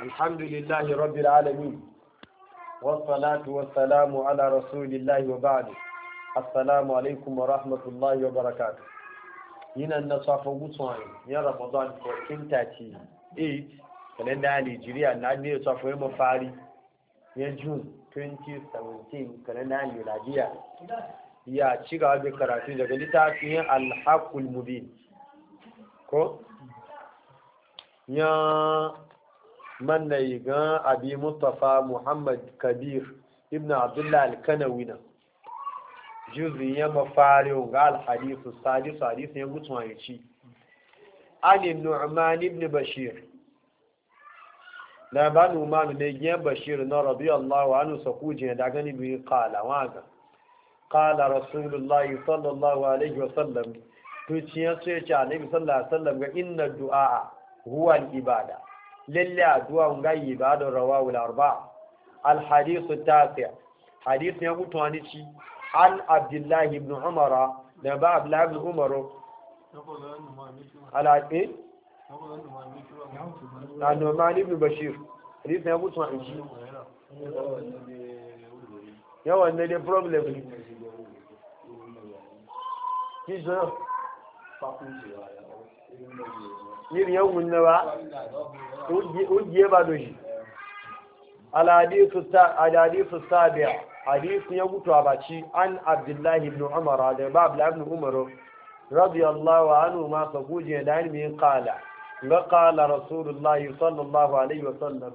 الحمد لله رب العالمين والصلاة والسلام على رسول الله وبعد السلام عليكم ورحمة الله وبركاته هنا النصاف وصعي يا رمضان فورتين تاتي ايت فلن نالي جريا نالي يصاف ومفاري يا جون 2017 كان نالي لاجيا يا شيغا بكراتي daga littafin al-haqqul mubin ko ya man na yi gan abi mustapha muhammad kabir ibn abdullahi alkanawi na juzi ya mafari ga alhadisu sadisu hadisu ya mutu a yaci anin nu'man ibn bashir na ba nu'man ne yan bashir na rabi Allah radiyallahu sa sakuje da gani bi qala waga Kala rasulullahi sallallahu alaihi wa sallam, ciyan sai ce annabi sallallahu alaihi wasallam ga inna du'a huwa al-ibada للي أدواء غيب هذا الرواه الأربعة الحديث التاسع حديث يموتوانيشي عن عبد الله بن عمر نبا عبد الله بن عمر على إيه؟ أنه ما بن بشير حديث يموتوانيشي يا ولد ندي بروبليم كيف nírí ẹ̀wùn náà ó jí ẹbà dòjì aládìsù sáàbíà àdìsù ya gútù àbàcí an abdullahi ibn umar adaba abdullahi ibn umar radiyallahu anhu ma saguje da ilmi kala, ga kala rasulullahi sallallahu alaihi wasallam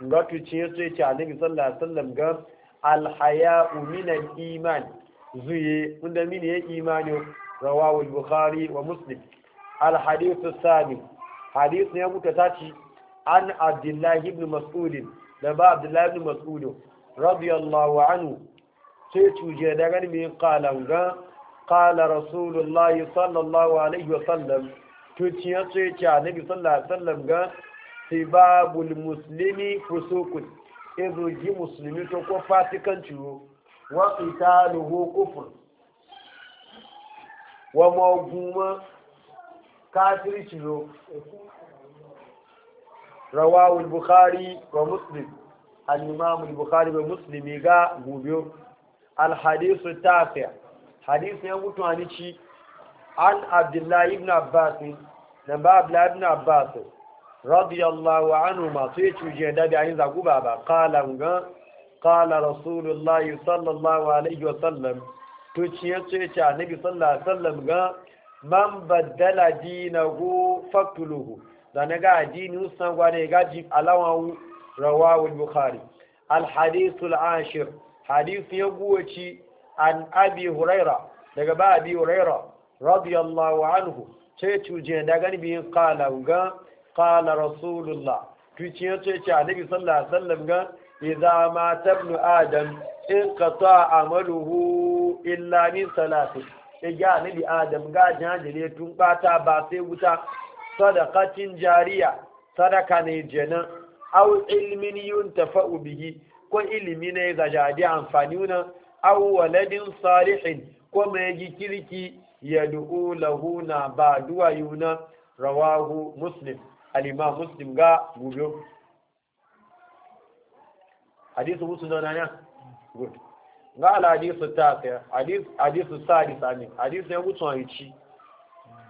ga tuce yace ce annabi sallallahu alaihi wasallam ga alhaya'u min al-iman zuye unda mini ya imani rawahu al-bukhari wa muslim al-hadithu sami hadis ne muka tashi an abdullahi ibn mas'ud da ba abdullahi ibn mas'ud radiyallahu anhu sai tuje da gani mai kalan ga kala rasulullahi sallallahu alaihi wa sallam tuci ya ce ya nabi sallallahu alaihi wa sallam ga sibabul muslimi fusukun izu ji muslimi to ko fatikan ciwo wa qitaluhu kufr wa mawguma kafir ciwo rawahu al-bukhari wa muslim al-imam al-bukhari wa muslimi ga gubiyo al-hadithu tafi hadithu ya mutu ani ci an abdullahi ibn abbas na ba abdullahi ibn abbas radiyallahu anhu ma sai cuje da bi ayin zagu baba qala ga qala rasulullahi sallallahu alaihi wa sallam to ciye ce ce annabi sallallahu alaihi wa sallam ga man baddala dinahu faqtuluhu zane ga ni usan gwane ga ji alawan rawawul bukhari alhadithul ashir hadith ya guwaci an abi huraira daga ba abi huraira radiyallahu anhu ce daga da garbiyin qala ga qala rasulullah tuciye ce ce annabi sallallahu alaihi wasallam ga idza mata ibn adam in qata amaluhu illa min salati ya ga annabi adam ga jajire tun bata ba sai wuta sadaqatin jariya sadaka ne jenan aw ilmin yuntafa'u bihi ko ilmi ne ga jadi amfani wannan aw waladin salihin ko mai ji kirki ya du'u lahu na ba du'a yuna rawahu muslim alima muslim ga gubiyo hadisu musu na ya good ga al hadisu ta hadisu sadis sami hadisu ya mutu an yi ci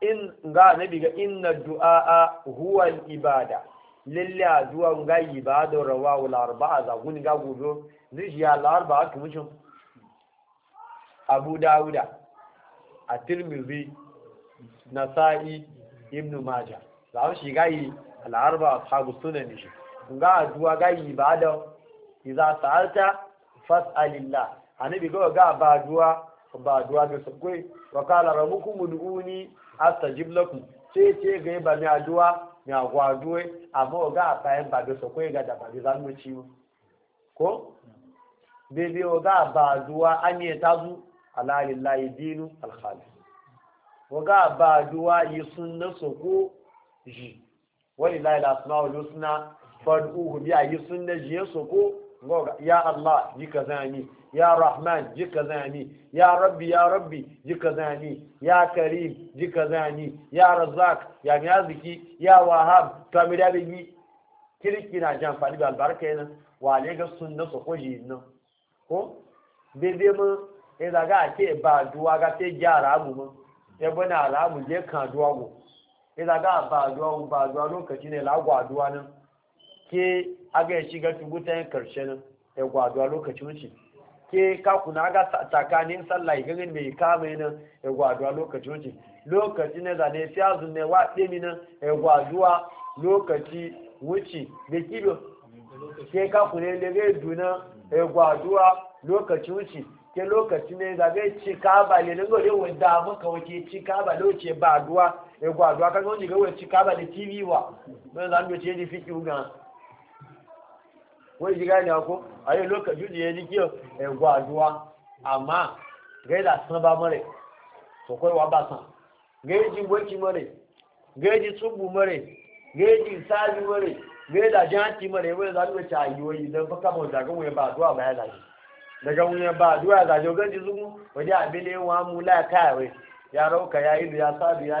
in ga na biga inna du'a huwa ibada lilla a zuwa ga ibada rawahu al-arba'a za guni ga gobe ya al-arba'a kumushin abu dawuda a tirmidhi nasa'i ibnu majah za shi ga yi al-arba'a ashabu sunan shi ga zuwa ga ibada idza sa'alta fas'alillah annabi ga ga ba zuwa ba duwa ga sakwai wa kala rabukum ud'uni astajib lakum sai ce ga ba mi aduwa mi aduwe amma ga en ba da sokoi ga da ba da zanu ciwo ko be o ga ba aduwa ani yi tazu ala lillahi dinu alkhalis o ga ba aduwa yi sunna soko ji wani la ila asma'ul husna fad'uhu bi ayi sunna ji soko ya allah yi kazani ya rahman ji ka zani ya rabbi ya rabbi ji ka zani ya karim ji ka zani ya razak ya yaziki ya wahab to mi da bi kirki na jan fadi da albarka yana wa ne ga sunna so koji nan ko bebe mu e da ga ke ba duwa ga te gyara mu mu e bana ala mu je kan duwa go e da ga ba duwa mu ba duwa lokaci ne la gwa duwa nan ke aga shiga tubutan karshe nan e gwa duwa lokacin shi ke kuna ga tsakanin sallah ganin mai kama yana ya gwaduwa lokaci wuce lokaci na zane fiya zunne wa ɗemi nan ya gwaduwa lokaci wuce da kido ke kuna da zai duna ya gwaduwa lokaci wuce ke lokaci ne zage ci kaba ne nan gode wanda muka wace ci kaba lokaci ba duwa ya gwaduwa kan wani ga wace ci kaba da tv wa ban zan ce ni fiki ga wọ́n yìí gáyìn ọkọ́ ayé lókàjú yìí ní kí ẹ̀gbọ́ àdúwá àmá gẹ́ẹ̀dà sán mọ́rẹ̀ sọ̀kọ́ ìwà bá sàn gẹ́ẹ̀dì wẹ́kì mọ́rẹ̀ gẹ́ẹ̀dì túbù mọ́rẹ̀ gẹ́ẹ̀dì sáájú mọ́rẹ̀ gẹ́ẹ̀dà jáǹtì mọ́rẹ̀ ìwé ìdánwò ṣe àyò yìí dán fọ́kàmọ̀ ìdàgbọ́n yẹn bá daga ba àdúrà àdàjọ gẹ́ẹ̀dì súnmú wọ́n jẹ́ àbílẹ̀ wọn mú ya ìlú ya sáàdù ya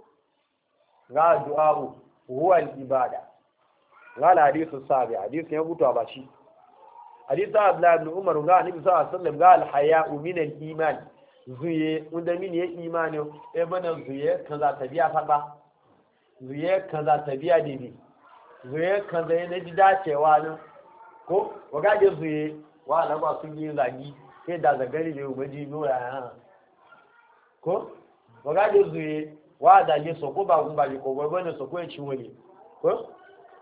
ga du'a'u huwa al-ibada ga hadithu sabi hadithu ya gutu ba shi hadithu abdullah ibn umar ga annabi sallallahu alaihi wasallam ga al-haya'u min al-iman zuye unda min ya imani e bana zuye kaza tabiya fada zuye kaza tabiya dibi zuye kaza ne ji dacewa ne ko waga je zuye wa alaba sun yi zagi sai da zagari ne ubaji nura ko waga je zuye wa da soko so ba kun ba je ko ba ne so ko ya ci wani ko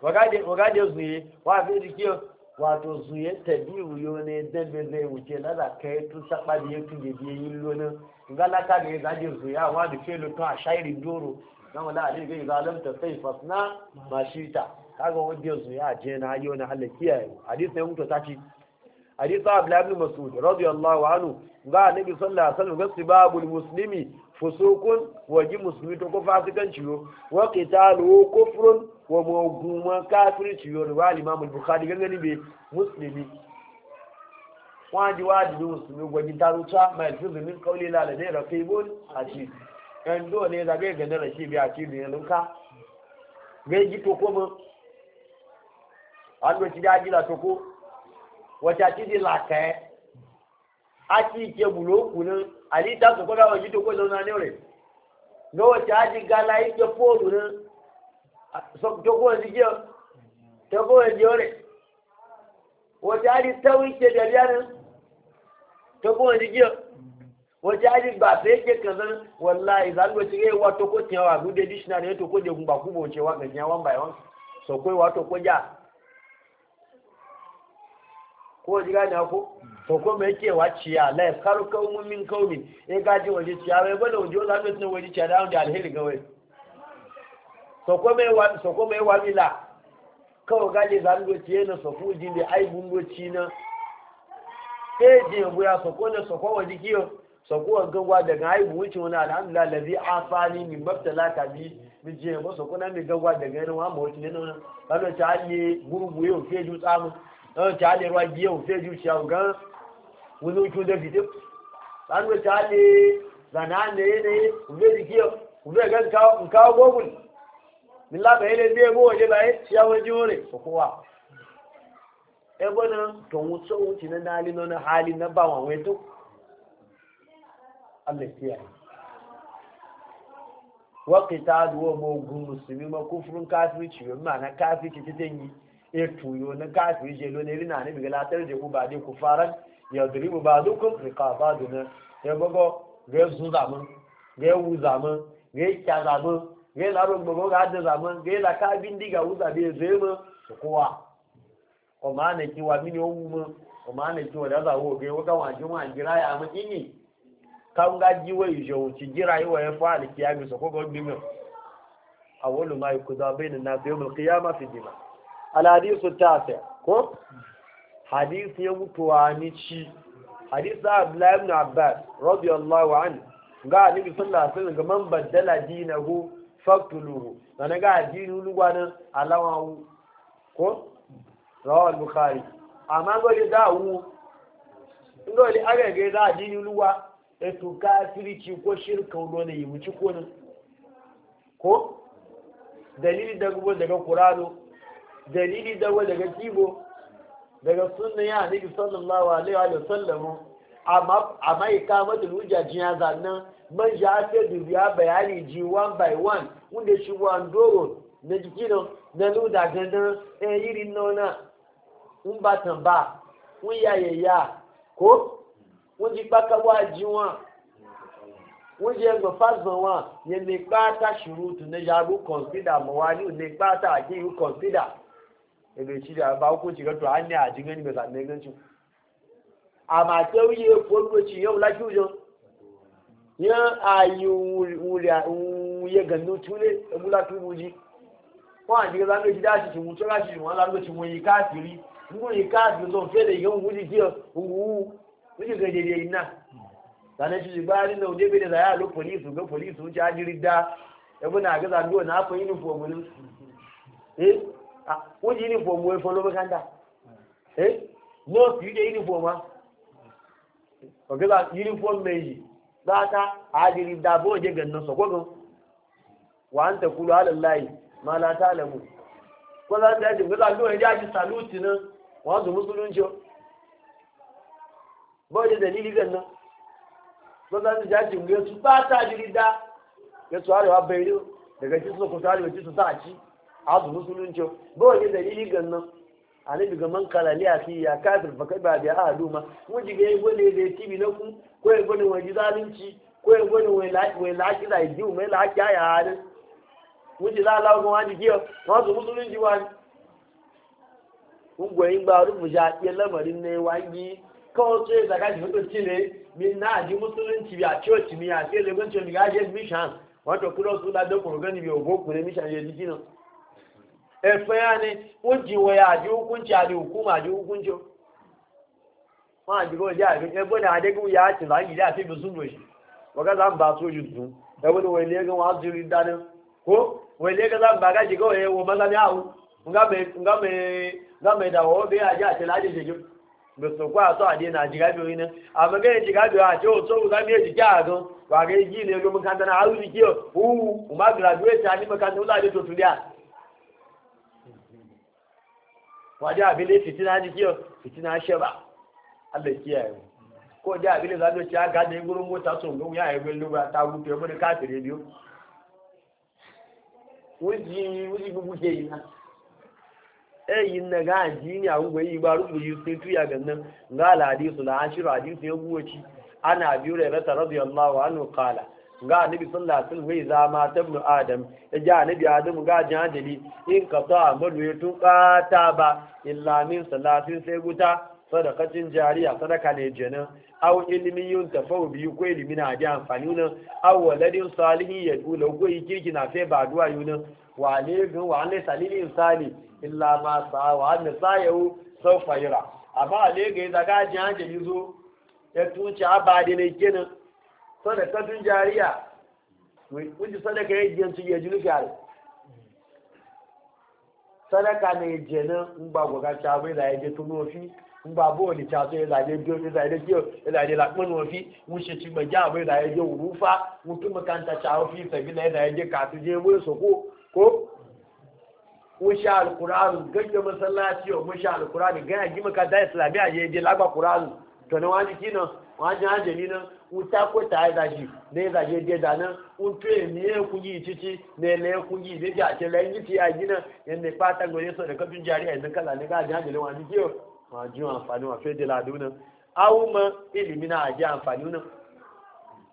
wagade wagade zuye wa fi dikiyo wato zuye tabiu yo ne dambe wuce na da kai tun saba da yake da biye lona gala ka ga zaje a wa da felo to a shairi doro dan wala ali ga zalamta sai fasna mashita kaga wanda a je na yo na Allah kiyaye hadisi ne mutu tafi hadisi Abdullah ibn Mas'ud radiyallahu anhu ga nabi sallallahu alaihi wasallam ga sibabul muslimi fusukun waji musulmi to ko fasikan ciyo wa qitalu kufrun wa mawguma kafir ciyo wa al-imam al-bukhari gangani be muslimi waji waji musulmi gwaji taruta mai fizu min qawli la la dai raqibun ati kan do ne da ga ganda rashi bi ati ne lunka gai ji to kuma an do ci da ji la to ko wata ci di la kai àti ìjẹ̀bùlò òkùnrin àti ìtàkùnkọ́dá wọn yìí tó kó lọ́nà ní rẹ̀ lọ́wọ́ tí a ti gala ìjẹ fóònù ní tókó ẹ̀díjẹ́ tókó ẹ̀díjẹ́ rẹ̀ wọ́n tí a ti tẹ́wọ́ ìṣe dẹ̀lẹ́ ní tókó ẹ̀díjẹ́ wọ́n tí a ti gbà fẹ́ ṣe kẹsàn wọ́n la ìdánwò tí yé wa tókó tiẹ̀ wà gúdé dísínà ní tókó dẹ̀kun gbàkúbò ṣe wà gẹ̀jẹ̀ wọn bàyọ̀ sọ̀kó ìwà tókó já kó o ti ká ní ọkó. to ko mai yake waciya la yaskaru qaumun min qaumin e gaji waje ciya bai bada waje za mu tun waje ciya da alheri ga wai to ko mai wa so ko mai wa bila kawo gaji za e, na so ku ji bi ai bungo ci na e je buya so ko na so ko waje kiyo so ko gangwa daga ai mu wuce wani alhamdulillah ladhi afani min na mi daga ne wa mu wuce ne na ba lo ta ali gurgu yau feju tsamu ta ali ruwa wani ojú ọjọ́ fìdí láti wọ́n ṣáà lè zànà àná ẹ̀ẹ́nà òfin èdè kí ọ òfin ẹ̀gẹ́ nǹkan ọgọ́gùn ní lábẹ́ ilé bí ẹgbẹ́ òjé báyé ṣíyáwó jí ó rẹ̀ òkú wa ẹgbẹ́ náà tòun sóhun ti náà hálí náà hálí náà bá wọn wẹ́tó alẹ́síà wọ́n kìtà àdúgbò ọmọ ogun mùsùlùmí mọ́ kó fún káfíríkì àná e fuyo na kafiri je lo ne rina ne bi latar je ku ba de ku faran ya dribu ba du ku rika du na ya gogo ge zu za mu ge wu za mu ge cha za mu ge gogo ga de za mu ka bin diga wu za be ze mu kuwa o ma ne ki wa mi ne wu mu o ma ne ki wa da za wo ge ga wa ji wa jira ya mu ini ka nga ji wo ijo ti jira yi wa ya mi ko go alhadisu ta sai ko hadisi ya mutuwa ni ci hadisi abdullahi ibn abbas radiyallahu anhu ga annabi sallallahu alaihi wasallam ga man baddala dinahu faqtuluhu dan ga addini lugwanin alawawu ko rawal bukhari amma gole dawu jini agage da addini lugwa eto kafirci ko shirkan dole yi muci ko ko dalili daga daga qur'ano dalili dawa daga kibo daga sunna ya nabi sallallahu alaihi wa sallam amma amma ikamatul hujja jiya zannan man ja ta dubiya bayani ji one by one wanda shi wan doro na jikino na nuda gandan eh yiri nona un ba tan ba un ya ya ya ko un ji paka wa ji un ye ne pata shurutu ne jabu consider mawani ne pata ki you consider daga shi da ba ko shiga to an ne a ji gani ba zanne gancin amma tauye kwanwaci yau lafi wujen ya ayi wuya gano tule da mula tubuji wọn àti gẹ́gẹ́ ló ti dá ṣìṣì mú tó rá ṣìṣì wọn lárúgbó ti mú yí káàkiri nínú yí káàkiri tó ń fẹ́ lè yọ òun ti díẹ̀ òwú yi sì gẹ̀dẹ̀ shi iná tàbí ṣìṣì bá nínú òde bèèrè láyà ló pòlíìsì ló pòlíìsì ń ṣe ájírí dá ẹgbẹ́ náà gẹ́gẹ́ ló náà fún Ah, wọ́n ti uniform wọ́n fọ́ lọ́wọ́ káńdà nọ́ọ̀sì yìí dé uniform wa ọ̀gẹ́ bá uniform méjì báta àdìrí dàbò òjé gẹ̀ẹ́nà sọ̀kọ́gàn wà ń tẹ̀kúrò alẹ́láì máa látà lẹ́mù kọ́lá ń tẹ́jì abu musulunci ba da dalili gannan anabi ga man kalali a fi ya kafir fa kai ba da a duma wuji ga yego ne da tibi na ku ko yego ne wani zalunci ko yego ne wani laki wani laki da yi mai laki ya hada wuji la la ko wani giyo ma su musulunci wani kun goyin ba rufu ja iya lamarin ne wani kawai sai da kaji hudun ci ne min na ji musulunci ya coci mi ya sai legon coci ga je mission wato kuma su la da kurgani bi ogo kure mission ya ji kinan ẹ̀fẹ́ yá ni ó jìnwẹ̀ àdí hukunci àdí hukuma ji hukunci wọ́n àdìgbò ìdí a ẹgbẹ́ ní adégún yá àti láyé ilé àti ibùsùn lòṣì wọ́gá sá ń bá tó ojú tún ẹgbẹ́ ní wẹ̀lẹ́ gan wọ́n á ziri dáná kó wẹ̀lẹ́ gan sá ń bá gáṣe kó ẹ̀ wọ́n maza ni àwù nga mai wajen abin fitina jiki fitina shi ba allah kiyaye mu ko da abili da za ta ah, ga gane gurin mota sun gun ya yi gullu ba ta gufe wani kafire biyu wuji wuji gugu ke yi na eyin na ga ji ne a gugu yi rubu yi sai tuya gannan ga alhadisu na ashiru hadisu ya guwaci ana biyu da ga annabi sallallahu alaihi wasallam za ma mu adam ya ji annabi adam ga jahili in ka ta amalu ya tuka ta ba illa min salatin sai guta sadakacin jariya sadaka ne jinin aw ilmi yun tafau biyu ko ilmi na ji amfani nan aw waladin salihi ya dula ko kirki na fe ba duwa yunan wa ne gan wa ne salilin sali illa ma sa wa ne sayu sau fayira amma ne ga daga jahili zo ya tuci abadi ne kenan sadakatun jariya wujin sadaka ya jiyan su yaji nufi al sadaka ne jena n ba goga cabai da ya je tun ofi n ba bo ni caso ya zaje biyo ya zaje biyo ya zaje lakman ofi n shi ci ma ja bai da ya je wurufa mun tun makanta cawo fi sabi na ya da ya je kasu je wuri soko ko mun shi alkuranu ganye masallaci mun shi sha alkuranu gaya gima ka da islamiyya ya je lagba kuranu to na wani kinan wọ́n jẹ́ àjẹ́ nínú ń tákòtà ẹ̀dàjì ní ẹ̀dàjì ẹ̀dẹ́ dáná ń tó èmi ẹ̀kún yìí títí ní ẹ̀lẹ́ ẹ̀kún yìí níbi àtẹlẹ́ yìí ti àyí náà ẹni nípa àtàgbọ̀n yẹn sọ̀rọ̀ kọ́tún jẹ́ àríyá ẹ̀dẹ́ kàlà nígbà àjẹ́ àjẹ́ wọn àti díẹ̀ wani àjẹ́ àǹfààní amfani fẹ́ẹ́ dé ládùn náà áwùmọ́ ìlú mi náà àjẹ́ àǹfààní náà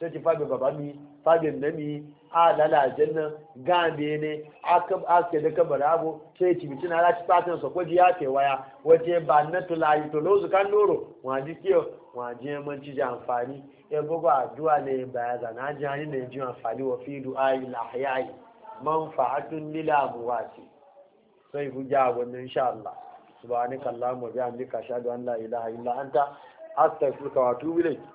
sai ki fabe baba mi fabe na mi a lala janna gambe ne a ke da kabar abu sai ci bici na lati fatan sa kwaji ya ke waya wace ba na yi to lozu kan doro ji kiyo waji yamanci ji amfani e bugu addu'a ne baya zana ji hannun ne ji amfani wa fi du'ayi lahayayi manfa'atun lil abwati sai ja wannan insha Allah subhanakallahumma wa bihamdika ashhadu an la ilaha illa anta astaghfiruka wa atubu ilayk